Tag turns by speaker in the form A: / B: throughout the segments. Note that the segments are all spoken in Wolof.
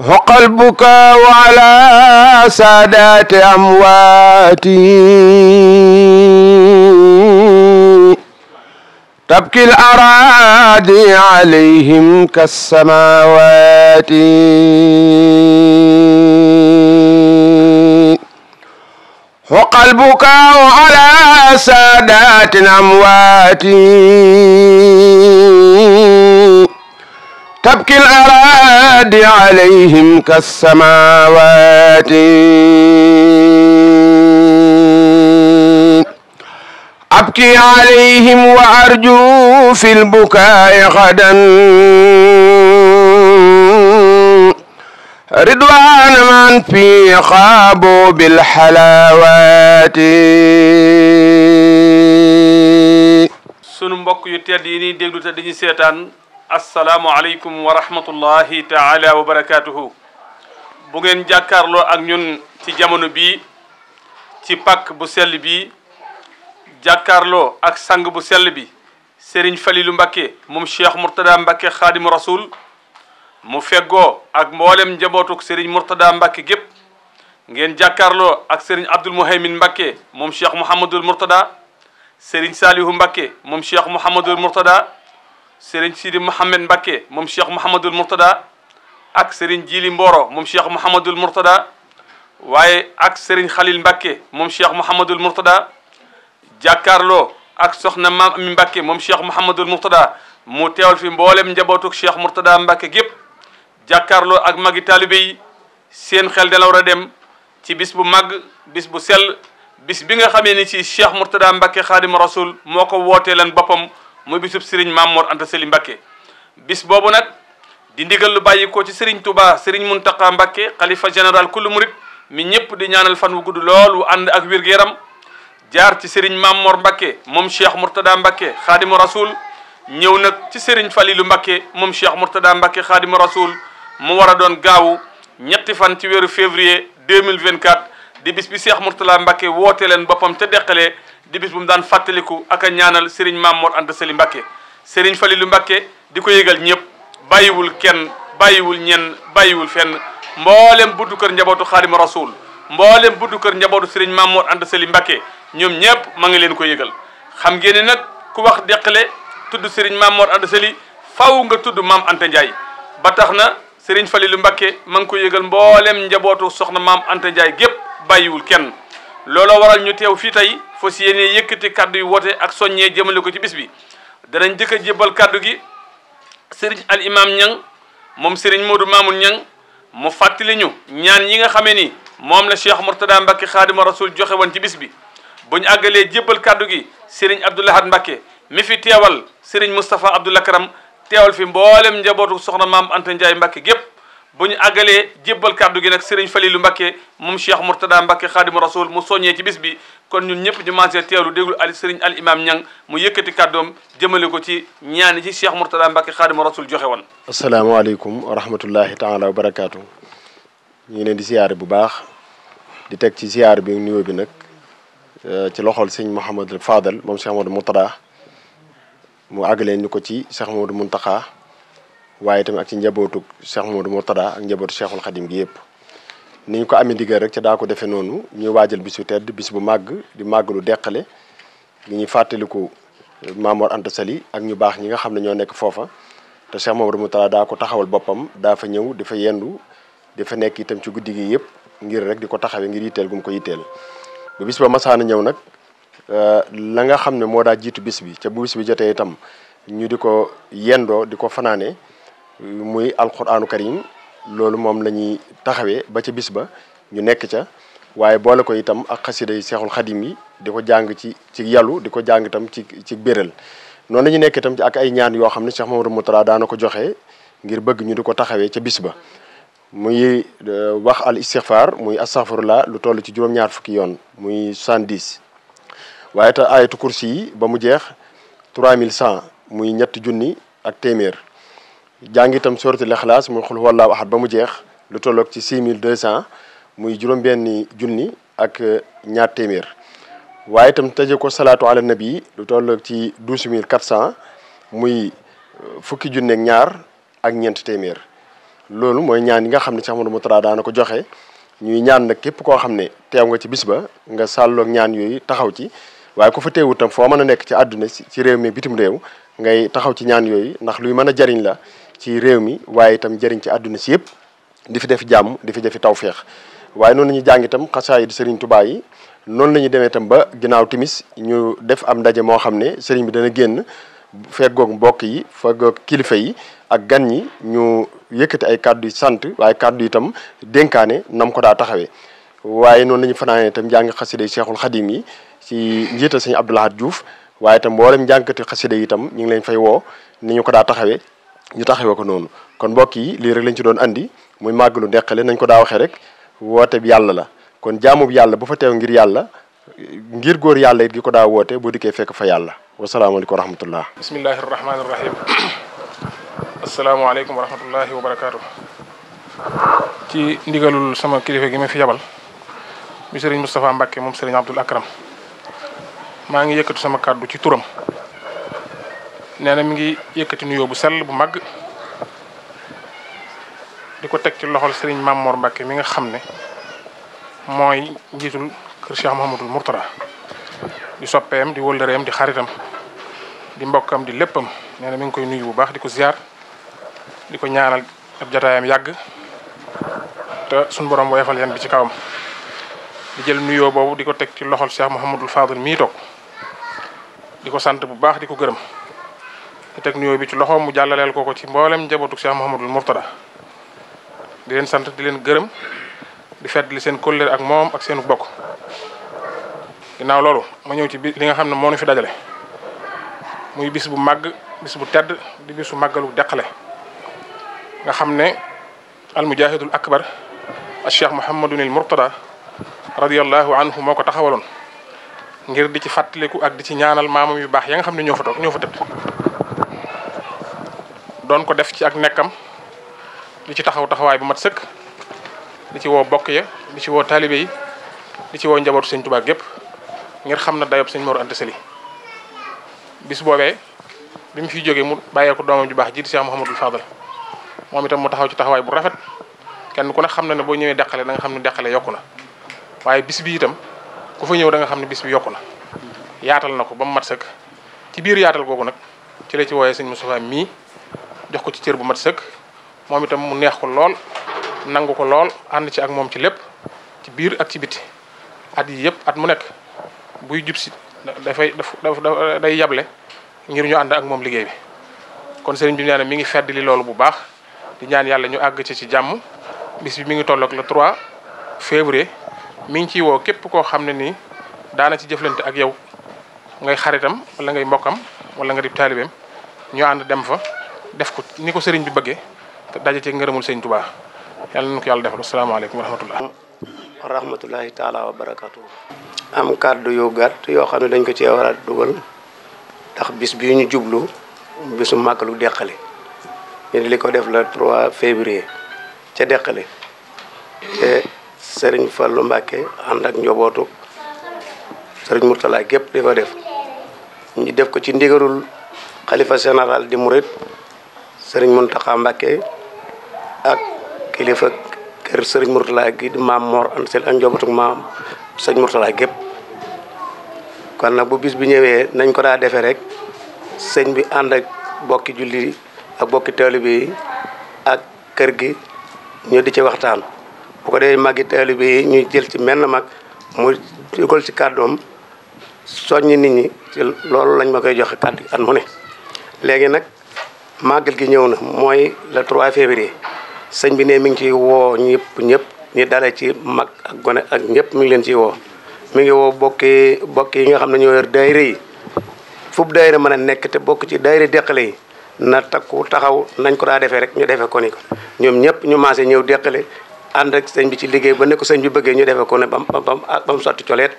A: هق البكاء على سادات أمواتي
B: تبكي الأراضي عليهم كالسماوات
A: هق البكاء على سادات أمواتي تبكي الأراضي عليهم كالسماوات أبكي عليهم وأرجو في البكاء غدا رضوان من في خابوا بالحلاوات
B: sunu mbokk yu tedd yi ñuy déglu te dañuy seetaan asalaamualeykum wa rahmatullahi taala wa barakaatu bu ngeen jàkkaarloo ak ñun ci jamono bii ci pàkk bu sell bi jàkkaarloo ak sang bu sell bi Serigne falilu Mbacké moom Cheikh Mourtada Mbacké xaadimu rasul mu feggoo ak mboolem njabootuk Serigne Mourtada Mbacké gépp ngeen jàkkaarloo ak Serigne Abdoul Mouhaymin Mbacké moom Cheikh Mouhamadul Mourtada Serigne Salihu Mbacké moom Cheikh Mouhamadul Mourtada sëriñ Sidi Mouhamed Mbakke moom Cheikh Mouhamadul Mourtada ak sëriñ Jili Mboro moom Cheikh Mouhamadul Mourtada waaye ak sëriñ Khalil Mbakke moom Cheikh Mouhamadul Mourtada jàkkaarloo ak soxna maam Ami Mbakke moom Cheikh Mouhamadul Mourtada mu teewal fi mboolem njabootuk Cheikh Mourtada Mbakke gépp jàkkaarloo ak magi taalibe yi seen xel dalaw a dem ci bis bu mag bis bu sell bis bi nga xamee ni ci Cheikh Mourtada Mbakke xaadima rasul moo ko wootee lan boppam muy bisub Serigne Mamor Anta Sali Mbakke bis boobu nag di ndigal lu bàyyi ko ci Serigne Touba Serigne Mountakha Mbakke xalifa général kullu murit mi ñëpp di ñaanal fan wu gudd lool wu ànd ak wér yaram jaar ci Serigne Mamor Mbakke moom Cheikh Mourtada Mbakke xaadimu rasul ñëw nag ci Serigne Falilou Mbakke moom Cheikh Mourtada Mbakke xaadimu rasul mu war a doon gaawu ñetti fan ci weeru février 2024. di bis bi Cheikh Mourtala Mbacke woote leen boppam ca deqalee di bu mu daan fàttaliku ak a ñaanal Serigne Mamour Anta Sali Mbacke fali lu Mbacke di ko yëgal ñëpp bàyyiwul kenn bàyyiwul ñenn bàyyiwul fenn mboolem buddu kër njabootu Xaadimu Rasuul mboolem buddu kër njabootu Serigne Mamour Anta Sali Mbacke ñoom ñëpp ma ngi leen ko yëgal xam ngeen ne nag ku wax deqale tudd Serigne Mamour Anta Sali faw nga tudd maam Anta Ndiaye ba tax na Serigne Falilou Mbacke ma ngi ko yëgal mboolem njabootu soxna maam Anta Ndiaye gépp bàyyiwul kenn looloo waral ñu teew fii tey fas yéene yëkkati kàddu yi woote ak soññee jëmale ko ci bis bi danañ jëkk a jébbal kàddu gi sëriñ al imam ñang moom sëriñ Modou Mamoun ñang mu fàttali ñu ñaan ñi nga xamee ni moom la Cheikh Mourtada Mbacke xaadima rasul joxe woon ci bis bi bu ñu àggalee jébbal kàddu gi sëriñ Abdoulahad Mbacke mi fi teewal sëriñ Moustapha Abdoul karam teewal fi mboolem njabootu soxna maam Anta Ndiaye Mbacke gépp bu ñu àggalee jébbal kàddu gi nag Serigne Falilou Mbakke moom Cheikh Mourtada Mbakke xaadimu rasul mu soññee ci bis bi kon ñun ñëpp ñu mancé teewlu déglu ali Serigne al imaam Ñang mu yëkkati kàddoom jëmale ko ci ñaani ci Cheikh Mourtada Mbakke xaadimu rasul joxe woon.
A: asalaamaaleykum wa rahmatullahi taala wa barakaatu. ñu ngi leen di ziare bu baax di teg ci ziare bi nuyoo bi nag eh, ci loxol sëñ Mouhamadou Fadal moom Cheikh Mourtada mu àggalee ñu ko ci Cheikh mu Mountakha. waaye itam ak ci njabootu Cheikh Modou Mourtada ak njabootu Cheikhul xadim gi yëpp ni ñu ko amee ndigal rek ca daa ko defee noonu ñu waajal bisu tedd bis bu màgg di màgg lu deqale gi ñu fàttaliku Maamoor Anta Sali ak ñu baax ñi nga xam ne ñoo nekk foofa te Cheikh Modou Mourtada daa ko taxawal boppam daa fa ñëw di yendu di fa nekk itam ci guddi gi yëpp ngir rek di ko taxawee ngir yitteel gu mu ko yitteel bu bis ba masaana ñëw nag euh, la nga xam ne moo daa jiitu bis bi ca bu bi jotee itam ñu di ko yendoo di ko fanaane muy alxuraanu karim loolu moom la ñuy taxawee ba ca bis ba ñu nekk ca waaye boole ko itam ak xasida yi seexul xadim yi di ko jàng ci ci yàllu di ko jàng itam ci ci béral noonu la ñu itam ci ak ay ñaan yoo xam ne Cheikh Mamadou Moutara daana ko joxe ngir bëgg ñu di ko taxawee ca bis ba muy euh, wax al istighfar muy astaghfirullah lu toll ci juróom-ñaar fukki yoon muy 70 waaye te ayetu kursi yi ba mu jeex 3100 muy ñetti junni ak téeméer jàng itam suratul ixlaas muy xul wallaahu ahad ba mu jeex lu tolloog ci 6200 muy juróom-benni junni ak ñaar téeméer waaye itam tëje ko salaatu ala nabi lu tolloog ci 12400 muy fukki junni ñaar ak ñeent téeméer loolu mooy ñaan yi nga xam ne Cheikh Amadou Moutara daana ko joxe ñuy ñaan nag képp koo xam ne teew nga ci bis ba nga sàlloog ñaan yooyu taxaw ci waaye ku fa teewu itam foo mën a nekk ci àdduna ci réew mi bitim réew ngay taxaw ci ñaan yooyu ndax luy mën a jariñ la ci réew mi waaye itam jëriñ ci àdduna si yëpp di fi def jàmm di fi defi tawféex waaye noonu la ñuy jàng itam xasaayid Serigne Touba yi noonu lañu demee itam ba ginnaaw timis ñu def am ndaje moo xam ne sëriñ bi dana génn feggoog mbokk yi feggoog kilifa yi ak gan ñi ñu yëkkati ay kàddu yi sant waaye kàddu yi itam dénkaane nam ko daa taxawee. waaye noonu la ñuy fanaanee itam jàng xasida yi Cheikhul Khadim yi ci njiital sëñ Abdoul Ahad Diouf waaye tam mboolem jàngkati xasida itam ñu ngi leen fay woo ni ñu ko daa taxawee. ñu taxawee ko noonu kon mbokk yi lii rek lañ ci doon andi muy màggalu Ndexale nañ ko daa waxee rek woote bi yàlla la kon jaamu yàlla bu fa teew ngir yàlla ngir góor yàlla it gi ko daa woote boo dikkee fekk fa yàlla wasalaamaaleykum wa rahmatullah
C: bismillahi rahmaani rahim asalaamaaleykum wa rahmatullahi wa ci ndigalul sama kilifa gi ma fi yabal mi sëriñ Moustapha Mbacke moom sëriñ Abdoul Akram maa ngi yëkkatu sama kàddu ci turam nee na mi ngi yëkkati nuyoo bu sell bu mag di ko teg ci loxol Serigne Mamor Mbacke mi nga xam ne mooy njiitul kër Cheikh Mouhamadul Mourtada di soppeem di wëllëreem di xaritam di mbokkam di léppam nee na mi ngi koy nuyu bu baax di ko ziar di ko ñaanal ab yàgg te suñu borom woyofal yan bi ci kawam di jël nuyoo boobu di ko teg ci loxol Cheikh Mouhamadul Fadil mii toog di ko sant bu baax di ko gërëm. teg bi ci loxoom mu jàllaleel ko ko ci mboolem njabootu Cheikh Mouhamadul Mourtada di leen sant di leen gërëm di fàttali seen kóllëre ak moom ak seenu bokk. ginnaaw loolu ma ñëw ci bi li nga xam ne moo ñu fi dajale muy bis bu màgg bis bu tedd di bisu màggalu deqale nga xam ne almujahidul akbar ak Cheikh Mouhamadunil Mourtada radiyallahu anhu moo ko taxawaloon ngir di ci fàttaliku ak di ci ñaanal maamam yu baax ya nga xam ne ñoo fa toog ñoo fa tëdd. doon ko def ci ak nekkam li ci taxaw taxawaay bu mat sëkk li ci woo bokk ya li ci woo taalibe yi li ci woo njabootu sëñ Tuubaa gépp ngir xam na dayob sëñ Mor Anta Sali bis boobee bi mu fiy jógee mu bàyyeeku doomam ju baax ji di Cheikh Mouhamadul Fadal moom itam mu taxaw ci taxawaay bu rafet kenn ku ne xam ne ne boo ñëwee deqale da nga xam ne deqale yokku na waaye bis bi itam ku fa ñëw danga xam ne bis bi yokku na yaatal na ko ba mu mat sëkk ci biir yaatal googu nag ci la ci wooyee sëñ Moustapha mii jox ko ci cër bu mat sëkk moom itam mu neex ko lool nangu ko lool ànd ci ak moom ci lépp ci biir ak ci biti at yi yëpp at mu nekk buy jub si dafay da day yable ngir ñu ànd ak moom liggéey bi kon sëriñ bi nee na mi ngi fedd loolu bu baax di ñaan yàlla ñu àgg ci ci jàmm bis bi mi ngi tolloog la trois février mi ngi ciy woo képp koo xam ne nii daana ci jëflante ak yow ngay xaritam wala ngay mbokkam wala nga di taalibeem ñu ànd dem fa def ko ni ko sëriñ bi bëggee te daje ci ngërëmul sëriñ Tuubaa yàlla na ko yàlla defal asalaamaaleykum wa rahmatullah wa
D: kàddu yu gàtt yoo xam ne dañ ko ci war a dugal ndax bis bi ñu jublu bisu màggalu lu ñu di li ko def la 3 février ca deqale te sëriñ Fallou Mbacke ànd ak njobootu sëriñ Mourtala gépp di ko def ñu def ko ci ndigalul xalifa général di Mouride sëriñ Mountakha Mbacké ak kilifa kër sëriñ Mourtala gi di maam Mor Anta Sali ak njabootu maam sëriñ Mourtala gépp kon nag bu bis bi ñëwee nañ ko daa defee rek sëñ bi ànd ak bokki julli ak bokki taalibe yi ak kër gi ñu di ci waxtaan bu ko dee magi taalibe yi ñuy jël ci menn mag mu dugal ci kàddoom ni nit ñi ci loolu lañ ma koy joxe kàddu at mu ne léegi nag màggal gi ñëw na mooy le trois février sëñ bi ne mi ngi ciy woo ñëpp ñëpp ñi dale ci mag ak gone ak ñëpp mi ngi leen ciy woo mi ngi woo bokki yi nga xam ne ñoo yor daayira yi fub daayira mën a nekk te bokk ci daayira deqale yi na takku taxaw nañ ko daa defee rek ñu defee ko ni ko ñoom ñëpp ñu maase ñëw deqale ànd ak sëñ bi ci liggéey ba ne ko sëñ bi bëggee ñu defee ko ne bam bam bam sotti coleet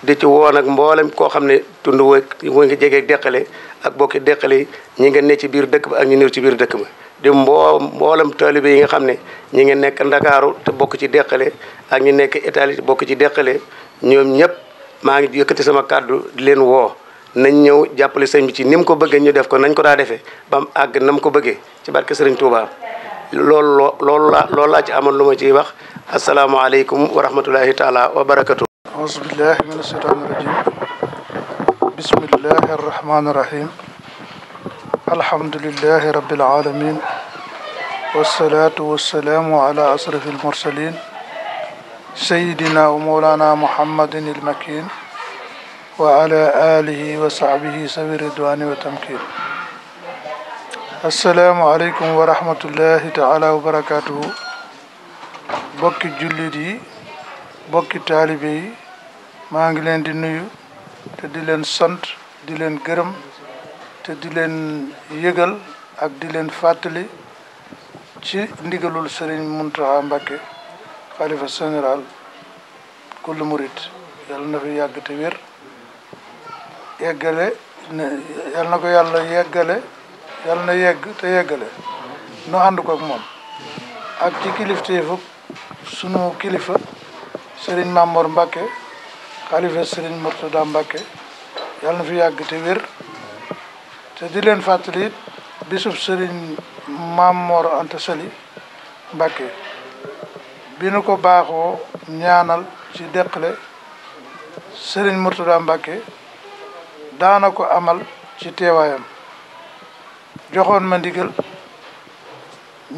D: di ci woon ak mboolem koo xam ne tund woo mu ngi jege deqale ak bokki deqale yi ñi nga ne ci biir dëkk ba ak ñu néew ci biir dëkk ba di mboo mboolem taalibe yi nga xam ne ñi ngi nekk ndakaaru te bokk ci deqale ak ñu nekk Italie bokk ci deqale ñoom ñëpp maa ngi yëkkati sama kàddu leen woo nañ ñëw jàppale sëñ bi ci ni mu ko bëggee ñu def ko nañ ko daa defee ba mu àgg na ko bëggee ci barke sëriñ Touba loolu loo loolu laa loolu laa ci amoon lu ma ciy wax asalaamaaleykum wa rahmatulahi taala wa barakatu
E: auzu billahi min asheytaani irajim bismillahi arrahmaani irrahim alhamdulillahi rabbil alamin wassalaatu wassalaamu ala asrafi almursalin sayidina wa mawlana muhammadin almakin wa ala alihi wa sahbihi sawi ridwani wa tamkin assalaamu aleykum wa rahmatullahi taala wa barakatuhu bokki jullit yi bokki taalibe yi maa ngi leen di nuyu te di leen sant di leen gërëm te di leen yëgal ak di leen fàttali ci ndigalul sëriñ Muntaxa Mbàkke xalifa général kullu murit yàlla na fi yàgg te wér yeggale yàlla na ko yàlla yeggale yàlla na yegg te yeggale nu ànd ko moom ak ci kilifteefu sunu kilifa sëriñ Mamor Mbàkke xalifa Serigne Mourtada Mbacke yàlla fi yàgg te wér te di leen fàttali it bisub Serigne Maam Mor Anta Sali Mbacke bi ko baaxoo ñaanal ci Dexle Serigne Mourtada Mbacke daana ko amal ci teewaayam joxoon ma ndigal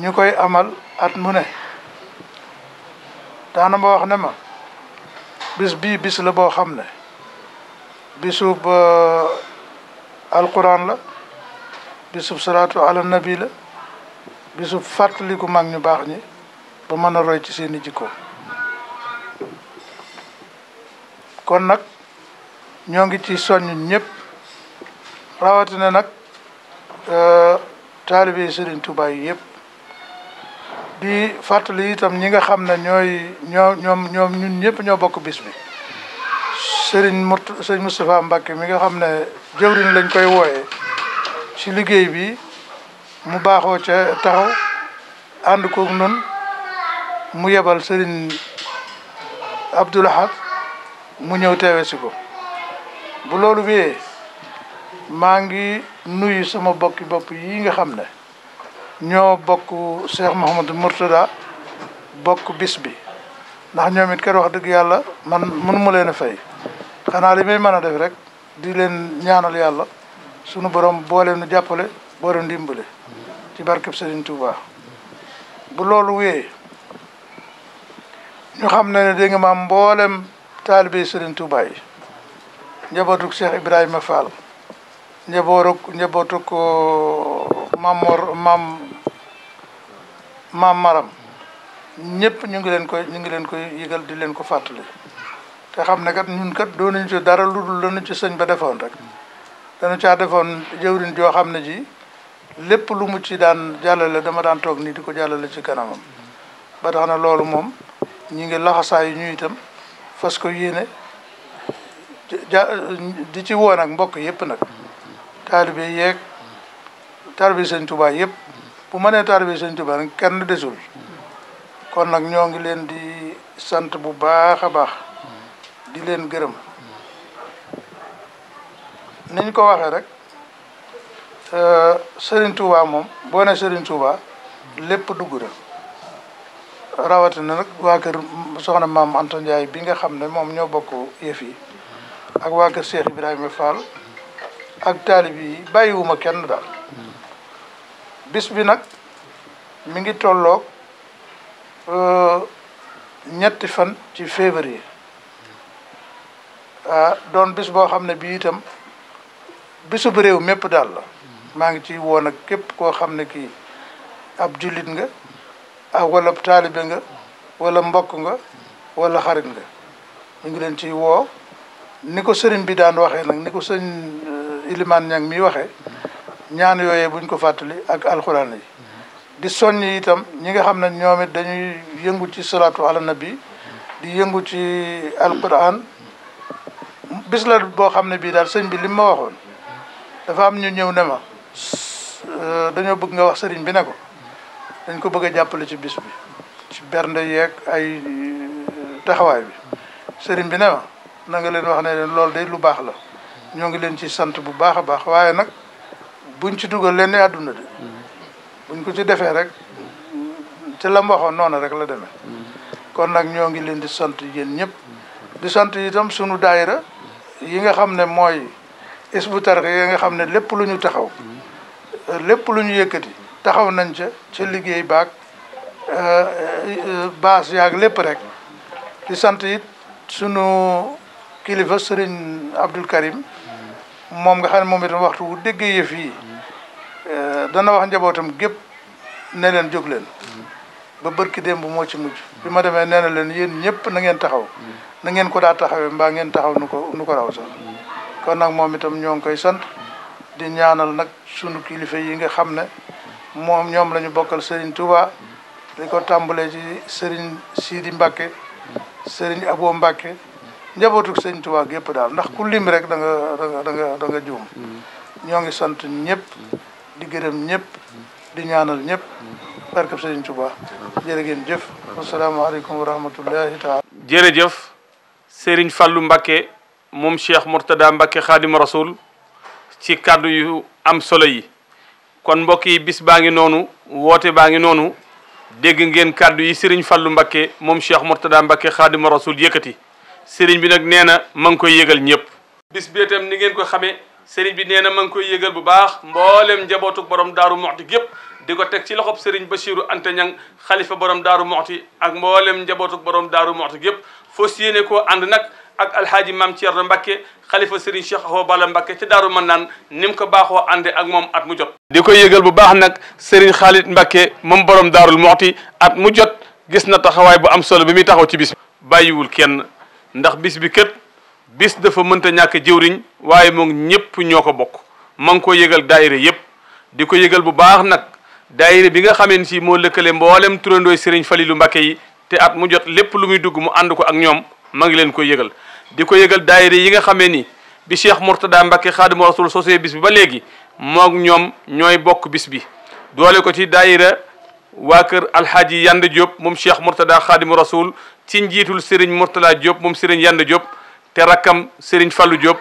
E: ñu koy amal at mu ne daana ma wax ne ma bis bii bis la boo xam ne bisub alquran la bisub salaatu ala nabi la bisub fàttaliku mag ñu baax ñi ba mën a roy ci seeni jikko kon nag ñoo ngi ci soññ ñëpp rawatina nag euh, taalibe Serigne Touba yi yëpp di fàttali itam ñi nga xam ne ñooy ñoo ñoom ñoom ñun ñëpp ñoo bokk bis bi Serigne Mout Serigne Moustapha Mbacké mi nga xam ne jëwriñ lañ koy wooye ci liggéey bi mu baaxoo ca taxaw ànd koog nun mu yebal Serigne Abdou Lahad mu ñëw teewe si ko bu loolu wéyee maa ngi nuyu sama bokki bopp yi nga xam ne ñoo bokk Cheikh Mouhamadou Mourtada bokk bis bi ndax ñoom it kër wax dëgg yàlla man mënuma leen a fay xanaa li may mën a def rek di leen ñaanal yàlla sunu borom boo leen jàppale boo leen ci barkeb Serigne Touba bu loolu wéyee ñu xam ne ne dégg nga maam mboolem taalibe Serigne Touba yi njabootug Cheikh Ibrahima Fall njaboorug njabootug uh, maam Mor maam maam maram ñëpp ñu ngi leen koy ñu ngi leen koy yëgal di leen ko fàttali te xam ne kat ñun kat doo nañ ci dara lu dul lañu ci sëñ ba defoon rek dañu caa defoon jëwriñ joo xam ne ji lépp lu mu ci daan jàllale dama daan toog nii di ko jàllale ci kanamam ba tax na loolu moom ñi ngi laxasaa yu ñu itam fas ko yéene ja di ci woon ak mbokk yëpp nag taalibe yeeg taalibe sëñ Tuubaa yëpp bu mënee taalibe Sëñ Tuubaa nag kenn desul kon nag ñoo ngi leen di sant bu baax a baax di leen gërëm niñ ko waxee rek euh, Sëriñ Tuubaa moom boo ne Sëriñ tuuba lépp dugg na rawatina nag waa kër soxna maam Anta Ndiaye bi nga xam ne moom ñoo bokk yëf ak waa kër Cheikh Ibrahima Fall ak taalib yi bàyyiwuma kenn daal bis bi nag mi ngi tollook euh, ñetti fan ci février ah, doon bis boo xam ne bii itam bi réew mépp daal la maa ngi ci woon ak képp koo xam ne kii ab jullit nga ah wala taalibe nga wala mbokk nga wala xarit nga ñu ngi leen ci woo ni ko sëriñ bi daan waxee nag ni ko sëñ euh, Ilimaan Ñang mi waxee ñaan yooyee buñ ko fàttali ak alxuraan yi di soññ itam ñi nga xam ne ñoom it dañuy yëngu ci salaatu na nabi di yëngu ci alquran bis la boo xam ne bii daal sëñ bi li ma waxoon dafa am ñu ñëw ne ma euh, dañoo bëgg nga wax sëriñ bi ne ko dañ ko bëgg jàppale ci bis bi ci bernde yeeg ay euh, taxawaay bi sëriñ bi ne ma na nga leen wax ne leen loolu day lu baax la ñoo ngi leen ci sant bu baax a baax waaye nag buñ ci dugal lenn àdduna de buñ ko ci defee rek ci la noonu rek la demee kon nag ñoo ngi leen di sant yéen ñëpp di sant itam sunu daayira yi nga xam ne mooy Hizbut Tarqiyyah yi nga xam ne lépp lu ñu taxaw lépp lu ñu yëkkati taxaw nañ ca ci liggéey baag euh, baas yaag lépp rek di sant it sunu kilifa sëriñ Abdul Karim moom nga xam ne moom itam waxtu wu déggee yëf yi Euh, dana wax njabootam gépp ne leen jóg leen ba bërki démb moo ci mujj bi ma demee nee na leen yéen ñëpp na ngeen taxaw na ngeen ko daal taxawee mbaa ngeen taxaw nu ko nu ko raw sax kon nag moom itam ñoo ngi koy sant di ñaanal nag sunu kilifa yi nga xam ne moom ñoom lañu bokkal Serigne Touba di ko tàmbalee ci Serigne Sidi Mbacke Serigne Abo Mbacke njabootu Serigne Touba gépp daal ndax ku lim rek da nga da nga da juum mm-hmm. ñoo ngi sant ñëpp. di gërëm ñëpp di ñaanal ñëpp barkab Sëriñ Tuubaa jërë ngeen jëf asalaamaaleykum wa rahmatullahi
B: moom Cheikh Mourtada Mbacké Khadim Rasoul ci kàddu yu am solo yi kon mbokk yi bis baa ngi noonu woote baa ngi noonu dégg ngeen kàddu yi Serigne Fallou Mbacké moom Cheikh Mourtada Mbacké Khadim Rasoul yëkkati Serigne bi nag nee na ma ngi koy yëgal ñëpp bis bi ni ngeen ko xamee sëriñ bi nee na ma ngi koy yëgal bu baax mboolem njabootu borom daaru moxti gépp di ko teg ci loxob sëriñ Bachiru Anta Ñang xalifa borom daaru moxti ak mboolem njabootu borom daaru moxti gépp foo yéene ko ànd nag ak alhaaji maam Thierno Mbakke xalifa sëriñ Cheikh Awa Balla Mbakke ci daaru mën naan ni mu ko baaxoo ànde ak moom at mu jot di koy yëgal bu baax nag sëriñ Xaalit Mbakke moom borom daarul moxti at mu jot gis na taxawaay bu am solo bi muy taxaw ci bis bàyyiwul kenn ndax bis bi kët bis dafa mënta ñàkk jëwriñ waaye moom ñëpp ñoo ko bokk ma ngi ko yëgal daayira yëpp di ko yëgal bu baax nag daayira bi nga xameen si moo lëkkale mboolem turandooy Serigne Falilou Mbacké yi te at mu jot lépp lu muy dugg mu ànd ko ak ñoom ma ngi leen ko yëgal di ko yëgal daayira yi nga xamee ni bi Cheikh Mourtada Mbacké Khadimou Rassoul sosé bis bi ba léegi moog ñoom ñooy bokk bis bi doole ko ci daayira waa kër alhaaji Yand Diop moom Cheikh Mourtada Khadimou Rassoul ci njiitul Serigne Mourtada Diop moom Serigne Yand Diop te rakkam Serigne falu jóob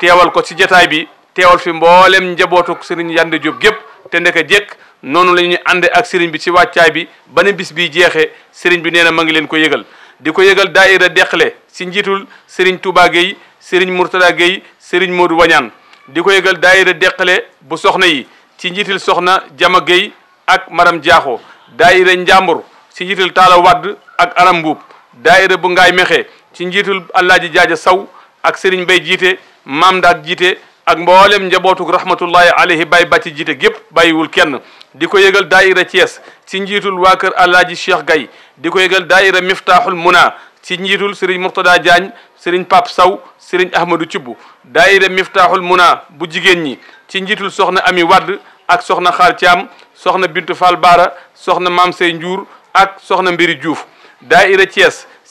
B: teewal ko ci jataay bi teewal fi mboolem njabootu Serigne Yande Diop gépp te ndeke jekk noonu la ñuy àndee ak Serigne bi ci wàccaay bi ba ne bis bi jeexee Serigne bi nee na ma ngi leen ko yëgal di ko yëgal daayira Dexle ci njiitul Serigne Touba Gueye Serigne Mourtada Gueye Serigne Modou Wañaan di ko yëgal daayira Dexle bu soxna yi ci njiitul soxna Jama Gueye ak madame Diakho daayira Njàmbur ci njiitul Taala Wadd ak Aram Mbuub daayira bu Ngaay Mexe ci njiitul Allaaji Jaaja Saw ak Serigne Bay jiite maam ndaak jiite ak mboolem njabootuk rahmatullahi alayhi bay bàcci jiite gépp bàyyiwul kenn di ko yëgal daaira Thiès ci njiitul waa kër Allaaji Cheikh Gay di ko yëgal daaira Miftaaxul Muna ci njiitul Serigne Murtada Diagne Serigne Pape Saw Serigne Ahmadou Thioub daaira Miftaaxul Muna bu jigéen ñi ci njiitul soxna Ami Wadd ak soxna Xaar Thiam soxna Bintu Fall Baara soxna Maam Sey Ndiour ak soxna Mbiri Diouf daaira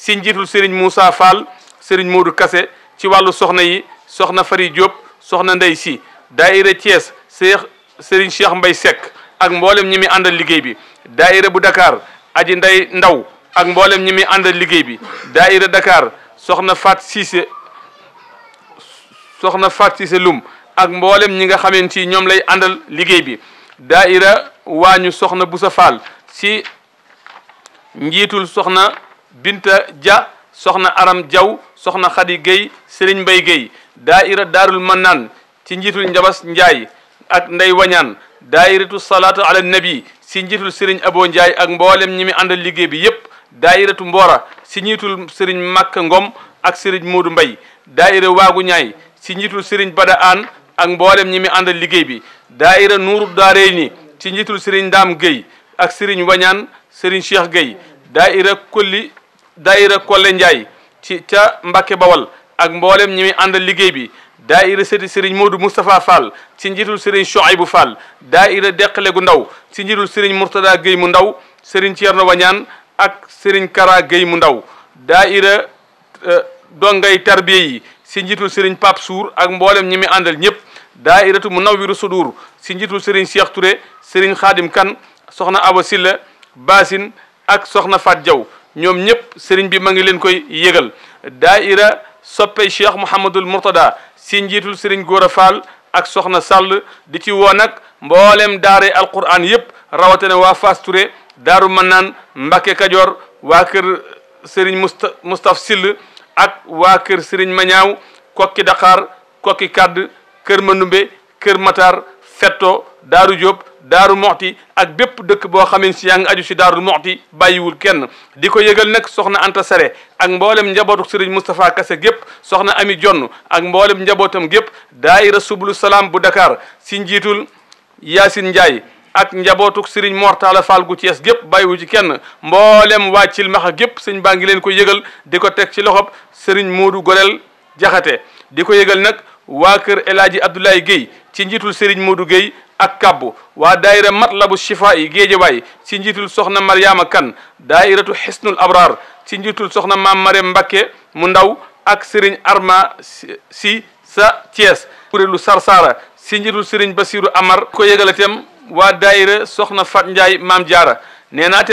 B: si njiitul Serigne Moussa Fall Serigne Modou Kassé ci wàllu soxna yi soxna Fari Diop soxna Ndey Si daayira Thiès Cheikh Serigne Cheikh Mbay Seck ak mboolem ñi muy àndal liggéey bi daayira bu dakaar aji Ndey Ndaw ak mboolem ñi muy àndal liggéey bi daayira Dakar soxna Fat Cissé soxna Lum ak mboolem ñi nga xamante ni ñoom lay àndal liggéey bi daayira waañu soxna Boussa Fall si njiitul soxna Binta Dia soxna Aram Diaw soxna Khady Guèye Serigne Mbaye Guèye daaira daarul mannaan ci njiitul Njabas Ndiaye ak Ndey Wañaan daairatu salaatu ala nabi si njiitul Serigne aboo Ndiaye ak mboolem ñi mi àndal liggéey bi yépp daairatu Mbora si njiitul Serigne Makk Ngom ak Serigne mbay daa daaira waagu ñaay si njiitul Serigne Bada Aan ak mboolem ñi mi àndal liggéey bi daa daaira nuuru daareyni ci njiitul Serigne Ndaam Guèye ak sëriñ Wañaan Serigne Cheikh Guèye daaira kulli daa daayira Kolle Ndiaye ci ca Mbacke Bawal ak mboolem ñi muy àndal liggéey bi daa daayira sëti sëriñ Modou Moustapha Fall ci njiitul bu Chouaibou Fall daayira Deqale gu ndaw ci njiitul sëriñ Mourtada Guèye mu ndaw sëriñ Thierno Wañaan ak sëriñ Kara Guèye mu ndaw daa daayira euh, dongay tarbiye yi ci njiitul sëriñ Pape suur ak mboolem ñi muy àndal ñëpp daayiratu mu nawwiru sudur ci njiitul sëriñ Cheikh Touré sëriñ Khadim Kan soxna Aba Silla Basin ak soxna Fat Diaw ñoom ñëpp sëriñ bi ma ngi leen koy yëgal daaira soppe cheikh mouhamadul mourtada si njiitul sëriñ góor a ak soxna sall di ci woo nag mboolem daare alquran yëpp rawatina waa Fass Touré daaru mannaan Mbacke Kajoor waa kër sëriñ musta sill ak waa kër sëriñ mañaaw kokki daqaar kokki kadd kër mandumbe kër matar fetto daaru Diop. daaru moxti ak bépp dëkk boo xaman si yaa ngi aju si daaru moxti bàyyiwul kenn di ko yëgal nag soxna Anta Sare ak mboolem njabootu sëriñ Moustapha Kase gépp soxna Ami Jonn ak mboolem njabootam gépp daayira subulu salaam bu Dakar si njiitul Yaasin Ndiaye ak njabootuk Serigne Mortala Fall gu Thiès gépp bàyyiwu ci kenn mboolem waa Cilmaxa gépp sëñ baa ngi leen ko yëgal di ko teg ci loxob Serigne Moodu Gorel Jaxate di ko yëgal nag waa kër El Hadji Abdoulaye Guèye ci njiitul Serigne Moodu Guèye ak kabbu waa daayira matlabu shifa yi géejawaay ci njiitul soxna Mariama Kan daayiratu xisnul abrar ci njiitul soxna maam Mariam Mbakke mu ndaw ak sëriñ Arma si sa Thiès kuréelu Sarsara ci njiitul sëriñ Basiru Amar ko yëgalatem waa daayira soxna Fat Ndiaye maam Jaara nee naa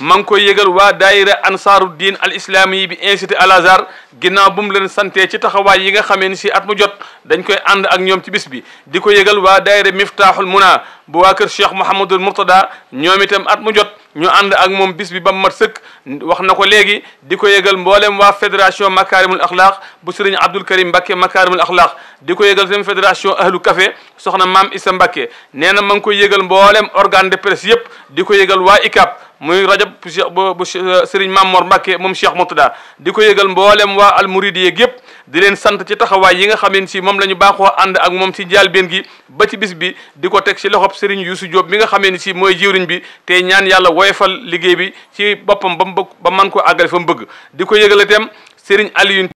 B: ma ngi koy yëgal waa daayira ansaaru diin al islaami yi bi incité al azhar ginnaaw bu mu leen santee ci taxawaay yi nga xamee ni si at mu jot dañ koy ànd ak ñoom ci bis bi di ko yëgal waa daayira miftaaxul muna bu waa kër cheikh mouhamadul mourtada ñoom itam at mu jot ñu ànd ak moom bis bi ba mu mat sëkk wax na ko léegi di ko yëgal mboolem waa fédération makarimul axlaq bu sëriñ abdul karim mbàkke makarimul axlaq di ko yëgal seen fédération ahlu café soxna maam isa nee na ma ngi koy yëgal mboolem organe de yëpp di ko yëgal waa ICAP muy rajab bu sëriñ Mamor Mbacke moom Cheikh daa di ko yégal mboolem waa almurid yeeg yëpp di leen sant ci taxawaay yi nga xam ne si moom la ñu baaxoo ànd ak moom si njëlbéen gi ba ci bis bi di ko teg si loxob sëriñ Youssou Diop mi nga xamee ni si mooy jiwriñ bi tey ñaan yàlla woyofal liggéey bi ci boppam ba mu bëgg ba man ko àggale fa mu bëgg di ko yëgal itam sëriñ Alioune